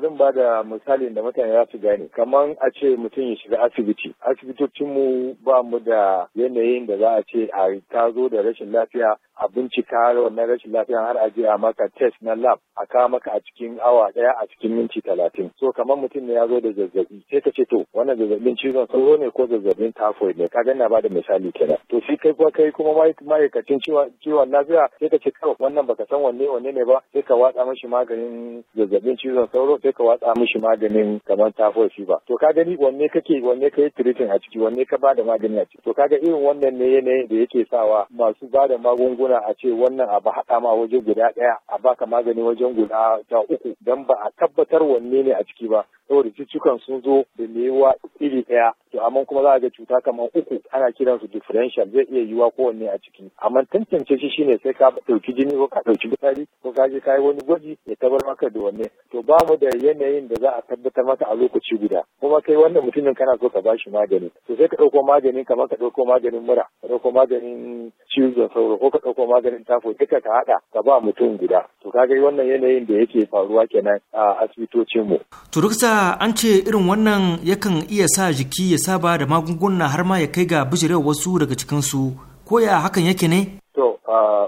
zan ba da misalin da mutane za su gane kamar a ce mutum ya shiga asibiti asibitocinmu ba mu da yanayin da za a ce a ta zo da rashin lafiya a bincika wannan rashin lafiya har a je a maka test na lab a kawo maka a cikin awa daya a cikin minti talatin so kamar mutum ne ya zo da zazzabi sai ka ce to wannan zazzabin cizon sauro ne ko zazzabin typhoid ne ka ganna ba da misali kenan to shi kai kuma kai kuma ma'aikacin ciwon lafiya sai ka ce kawai wannan baka san wanne wanne ne ba sai ka watsa mashi maganin zazzabin cizon sauro sai aka watsa mishi maganin kamar shi ba. to ka gani wanne kake wanne ka yi tiritin a ciki wanne ka ba da magani a ciki to kaga irin wannan ne yanayin da yake sawa masu ba da magunguna a ce wannan ba haɗa ma waje guda ɗaya a baka magani wajen guda ta uku don ba a tabbatar wanne ne a ciki ba saboda cututtukan sun zo da mewa iri ɗaya to amma kuma za a ga cuta kamar uku ana kiran su differential zai iya yiwa kowanne a ciki amma tantance shi shine sai ka dauki jini ko ka ɗauki fitsari ko ka je ka wani gwaji ya tabar maka da wanne to ba mu da yanayin da za a tabbatar maka a lokaci guda kuma kai wannan mutumin kana so ka bashi magani to sai ka ɗauko maganin kamar ka dauko maganin mura ka dauko maganin cizon sauro ko ka ɗauko maganin tafo duka ka haɗa ka ba mutum guda to kaga wannan yanayin da yake faruwa kenan a asibitocin mu to an ce irin wannan yakan iya sa jiki ya saba da magunguna har ma ya kai ga bijirewa wasu daga cikinsu ko ya hakan yake ne? To, ah,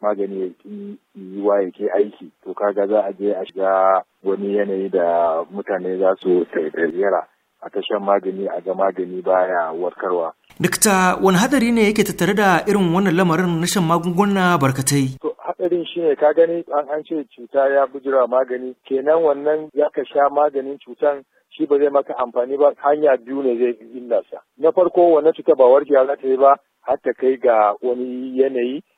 magani ya ki yiwa ya aiki to kaga za a je a shiga wani yanayi da mutane za su tsayyara a ta shan magani a ga magani baya warkarwa. Dikta wani hadari ne yake tattare da irin wannan lamarin na shan magunguna barkatai? hadarin shi ne ka gani an an ce cuta ya bujira magani kenan wannan ya ka sha maganin cutan shi ba zai maka amfani ba hanya biyu ne zai illa sa na farko wannan cuta ba warke za ta yi ba har ta kai ga wani yanayi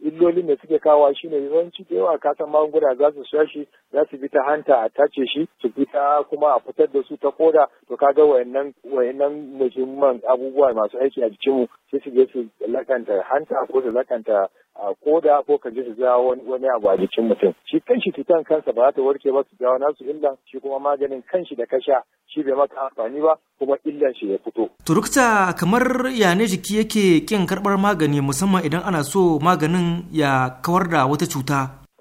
illolin da suke kawo shi ne yawanci da yawa kasan magunguna za su sha shi za su bi ta hanta a tace shi su bi ta kuma a fitar da su ta koda to kaga wayannan wayannan muhimman abubuwa masu aiki a jikinmu sai su je su lakanta hanta ko su lakanta a koda ko ka ji su ja wani abu a jikin mutum shi kanshi cutan kansa ba za ta warke ba su jawo nasu illan shi kuma maganin kanshi da kasha shi bai maka amfani ba kuma illan shi ya fito. turukta kamar yane jiki yake kin karbar magani musamman idan ana so maganin ya kawar da wata cuta?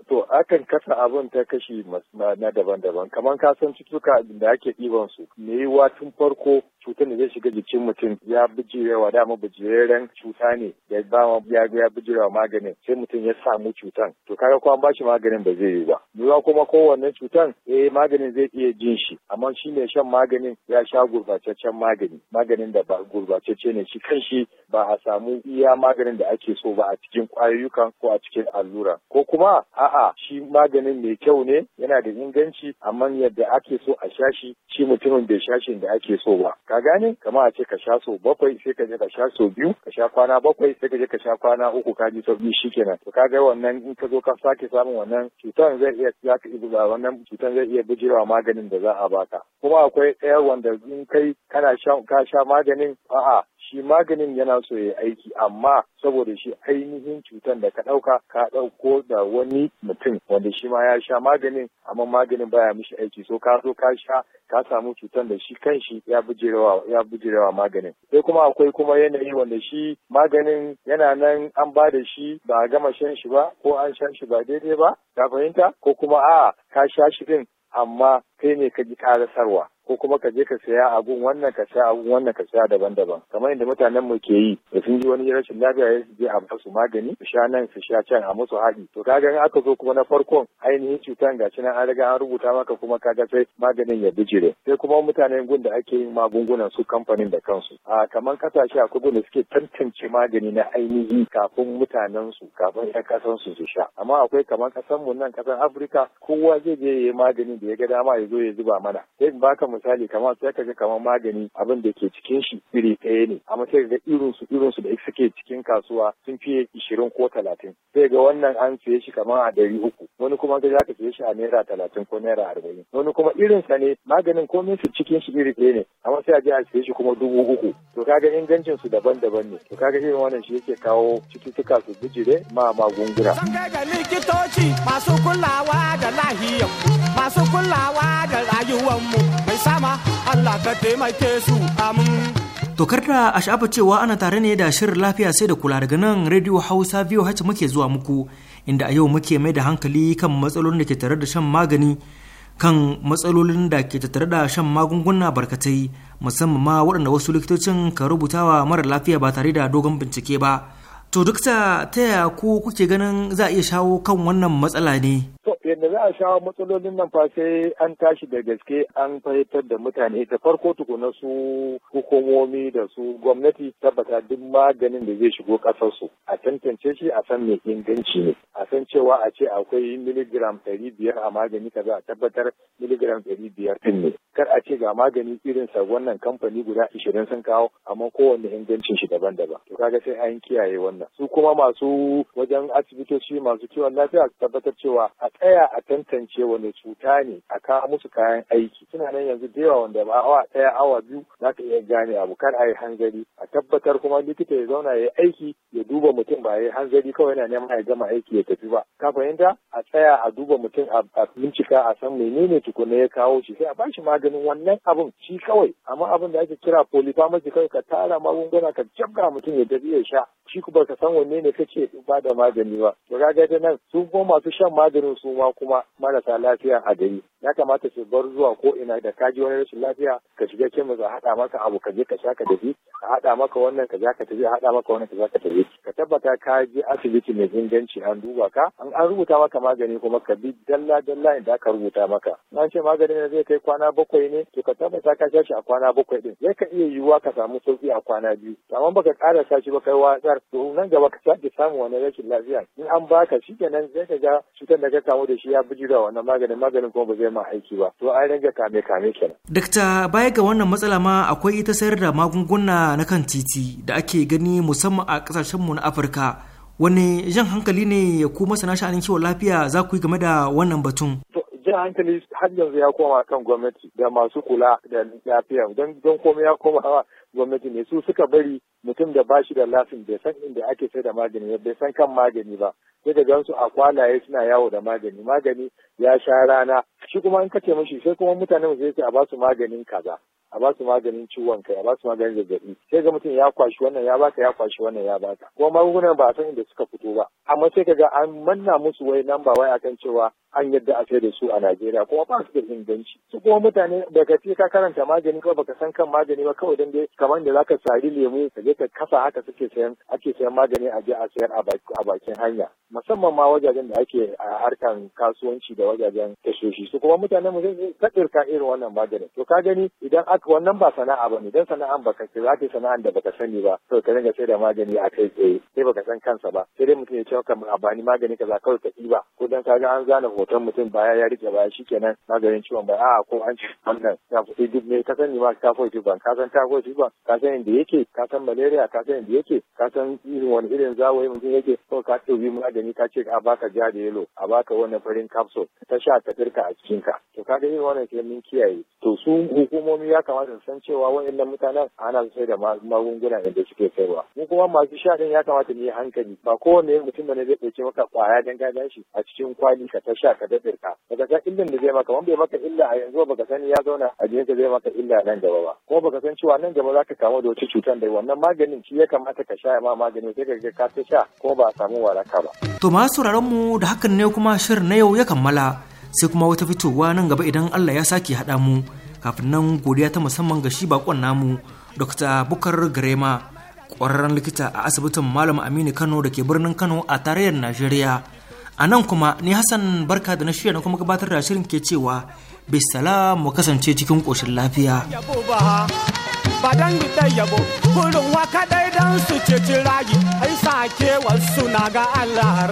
To, akan kasa abin ta kashi na daban-daban, kamar kasan cutuka da ake ɗiban su, me yiwa tun farko cutar da zai shiga jikin mutum ya bijirewa dama bijireren cuta ne da ba ya ga ya bijirewa maganin sai mutum ya samu cutan to kaga ko ba shi maganin ba zai yi ba yiwuwa kuma kowanne cutan eh maganin zai iya jin shi amma shi ne shan maganin ya sha gurbataccen magani maganin da ba gurbatacce ne shi kan shi ba a samu iya maganin da ake so ba a cikin kwayoyukan ko a cikin allura ko kuma a'a shi maganin mai kyau ne yana da inganci amma yadda ake so a sha shi shi mutumin bai sha da ake so ba ka gane kama a ce ka sha so bakwai sai ka je ka sha so biyu ka sha kwana bakwai sai ka je ka sha kwana uku ka ji sauki shikenan to ka ga wannan in ka zo ka sake samun wannan cutar zai iya ya ka iya wannan cutar zai iya bujewa maganin da za a baka kuma akwai ɗaya wanda in kai kana sha ka sha maganin a'a shi maganin yana so ya aiki amma saboda shi ainihin cutar da ka ɗauka ka ɗauko da wani mutum wanda shi ma ya sha maganin amma maganin baya mishi aiki so ka zo ka sha ka samu cutar da shi kanshi ya bujirewa ya bujirewa maganin sai kuma akwai kuma yanayi wanda shi maganin yana nan an ba da shi ba a gama shan shi ba ko an shan shi ba daidai ba ka fahimta ko kuma a ka sha shi din amma kai ne ka ji karasarwa ko kuma ka je ka saya abun wannan ka saya abun wannan ka saya daban-daban kamar inda mutanen mu ke yi da sun ji wani rashin lafiya ya je a su magani su sha nan su sha can a musu haɗi to kaga in aka zo kuma na farkon ainihin cutan ga nan an riga an rubuta maka kuma ka ga sai maganin ya bijire sai kuma mutanen gun da ake yin magungunan su kamfanin da kansu a kamar kasashe akwai gun da suke tantance magani na ainihi kafin mutanen su kafin ya kasan su su sha amma akwai kamar kasan mu nan kasan Afirka kowa zai je ya yi magani da ya ga dama ya zo ya zuba mana sai ba baka misali kamar sai ka ga kamar magani abin da ke cikin shi iri ɗaya ne amma sai ga irin su irin su da suke cikin kasuwa sun fiye ishirin ko talatin sai ga wannan an siye shi kamar a ɗari uku wani kuma ga za ka siye shi a naira talatin ko naira arba'in wani kuma irin sa ne maganin komai su cikin shi iri ɗaya ne amma sai a je a siye shi kuma dubu uku to kaga ingancin su daban-daban ne to kaga irin wannan shi yake kawo cututtuka su bijire ma magunguna. Sun ga likitoci masu kulawa da lahiyar masu kulawa da mu mai sama Allah ka taimake su amin. Tokar da a sha'afa cewa ana tare ne da shirin lafiya sai da kula daga nan Radio Hausa biyu VOH muke zuwa muku inda a yau muke mai da hankali kan matsalolin da ke tare da shan magani kan matsalolin da ke tattare da shan magunguna barkatai musamman ma waɗanda wasu likitocin ka rubuta wa mara lafiya ba tare da dogon bincike ba. To duk ta yaya ko kuke ganin za a iya shawo kan wannan matsala ne? To yadda za a shawo matsalolin nan fa sai an tashi da gaske an fahimtar da mutane ta farko tukuna su hukumomi da su gwamnati tabbata duk maganin da zai shigo kasar a tantance shi a san mai inganci ne a san cewa a ce akwai miligram ɗari a magani kaza a tabbatar miligram ɗari biyar ɗin ne kar a ce ga magani irin sa wannan kamfani guda ishirin sun kawo amma kowanne ingancin shi daban-daban to kaga sai an kiyaye wannan su kuma masu wajen asibitoci masu kiwon lafiya tabbatar cewa a tsaya a tantance wani cuta ne a kawo musu kayan aiki suna nan yanzu da yawa wanda ba awa ɗaya awa biyu za ka iya gane abu kar a yi hanzari a tabbatar kuma likita ya zauna ya yi aiki ya duba mutum ba ya yi hanzari kawai yana neman ya gama aiki ya tafi ba ka fahimta a tsaya a duba mutum a bincika a san menene tukuna ya kawo shi sai a bashi magani ganin wannan abun shi kawai amma abin da ake kira polypharmacy kawai ka tara magunguna ka jabga mutum ya tafi ya sha shi ku ka san wanne ne kace ba da magani ba to kaga nan su kuma masu shan maganin su ma kuma marasa lafiya a gari ya kamata su bar zuwa ko ina da ka ji wani rashin lafiya ka shiga kemis a haɗa maka abu ka je ka sha ka tafi a haɗa maka wannan ka ja ka tafi a haɗa maka wannan ka ja ka tafi ka tabbata ka je asibiti mai inganci an duba ka an an rubuta maka magani kuma ka bi dalla dalla inda aka rubuta maka an ce maganin da zai kai kwana bakwai ne to ka tabbata ka sha shi a kwana bakwai din zai ka iya yiwuwa ka samu sauki a kwana biyu amma baka ƙara sa shi ba kai watsar to nan gaba ka sake samu wani rashin lafiya in an baka shi kenan zai ka ga cutar da ka kamu da shi ya bijira wannan maganin maganin kuma ba zai zai ma aiki ba to an rage kame kame kenan dakta baya ga wannan matsala ma akwai ita sayar da magunguna na kan titi da ake gani musamman a kasashen mu na Afirka wani jan hankali ne ku masana sha'anin kiwon lafiya za ku yi game da wannan batun jan hankali har yanzu ya koma kan gwamnati da masu kula da lafiya don don komai ya koma gwamnati ne su suka bari mutum da bashi da lafin bai san inda ake sai da magani bai san kan magani ba sai ka gansu a kwalaye suna yawo da magani magani ya sha rana shi kuma in ka ce mashi sai kuma mutane mu sai a basu maganin kaza a ba su maganin ciwon kai a ba su maganin zazzabi sai ga mutum ya kwashi wannan ya baka ya kwashi wannan ya baka kuma magungunan ba a san inda suka fito ba amma sai kaga an manna musu wai nan ba wai akan cewa an yadda a da su a Najeriya kuma ba su da inganci su kuma mutane daga ce ka karanta magani kawai baka san kan magani ba kawai dan dai kamar da zaka sari lemu ka je ka kasa haka suke sayan ake sayan magani a je a sayar a bakin hanya musamman ma wajajen da ake a harkan kasuwanci da wajajen tashoshi su kuma mutanen mu sai ka irin wannan magani to ka gani idan wannan ba sana'a ba ne don sana'an baka ce za ka yi sana'an da baka sani ba to ka dinga sai da magani a kai tsaye sai baka san kansa ba sai dai mutum ya ce ka amfani magani kaza kawai ka ba. ko dan ka ga an zana hoton mutum baya ya rike baya shikenan maganin ciwon baya a'a ko an ci wannan ya fi duk ne ka sani ma ka fi ban ka san ta fi ban ka san inda yake ka san malaria ka san inda yake ka san irin wani irin zawayi mutum yake ko ka ɗauki magani ka ce a baka ja da yelo a baka wannan farin capsule ta sha ta firka a cikinka to ka ga irin wannan sai mun kiyaye to su hukumomi ya kamata su san cewa wa'annan mutanen ana sai da magunguna da suke kaiwa mu kuma masu sha din ya kamata mu yi hankali ba kowane mutum ne zai ɗauki maka kwaya dan gadan shi a cikin kwali ka ta sha ka daɗe ka daga san illan da zai maka wanda bai maka illa a yanzu baka sani ya zauna a jikin ka zai maka illa nan gaba ba kuma baka san cewa nan gaba za ka kamu da wata cutar da wannan maganin shi ya kamata ka sha ma maganin sai ka ga ka ta sha kuma ba a samu waraka ba. to masu sauraron mu da hakan ne kuma shirin na yau ya kammala sai kuma wata fitowa nan gaba idan Allah ya sake haɗa mu kafin nan godiya ta musamman ga shi bakon namu dr bukar garema ƙwararren likita a asibitin malam aminu kano da ke birnin kano a tarayyar najeriya a nan kuma ni hassan barka da na shirya na kuma gabatar da shirin ke cewa bisala mu kasance cikin ƙoshin lafiya ba waka dai dan su ce ai sake na ga allah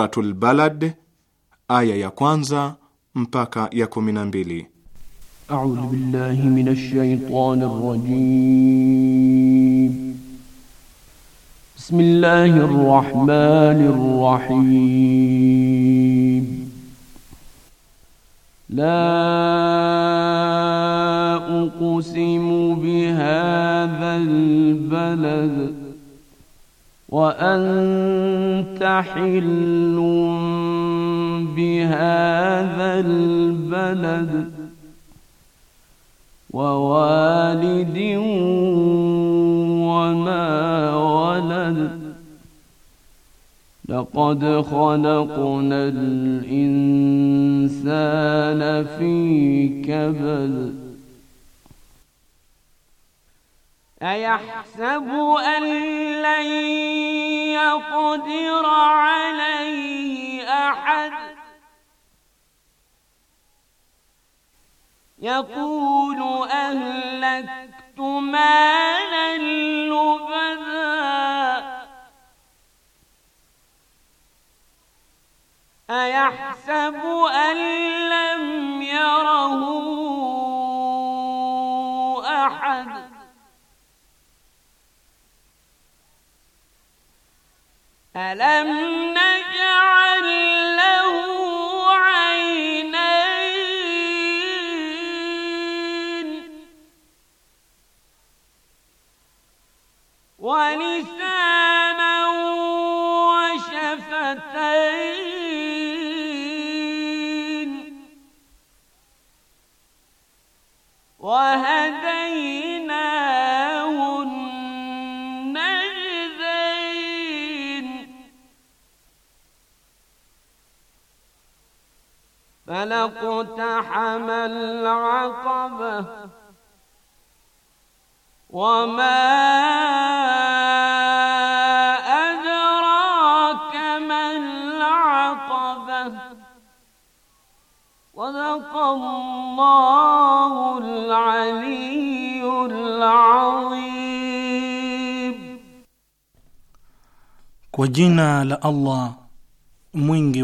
Suratul Balad aya ya kwanza mpaka ya kumi na mbili. A'udhu billahi minash shaitanir rajim. Bismillahir rahmanir rahim. La uqsimu bihadha albalad وأنت حل بهذا البلد ووالد وما ولد لقد خلقنا الإنسان في كبد أيحسب أن لن يقدر عليه أحد يقول أهلكت مالا لبدا أيحسب أن لم يره ألم نجعل له عينين ولسانا وشفتين وهديناه فلقتحم العقبة وما أدراك ما العقبة صدق الله العلي العظيم وجنا لألله la mwingi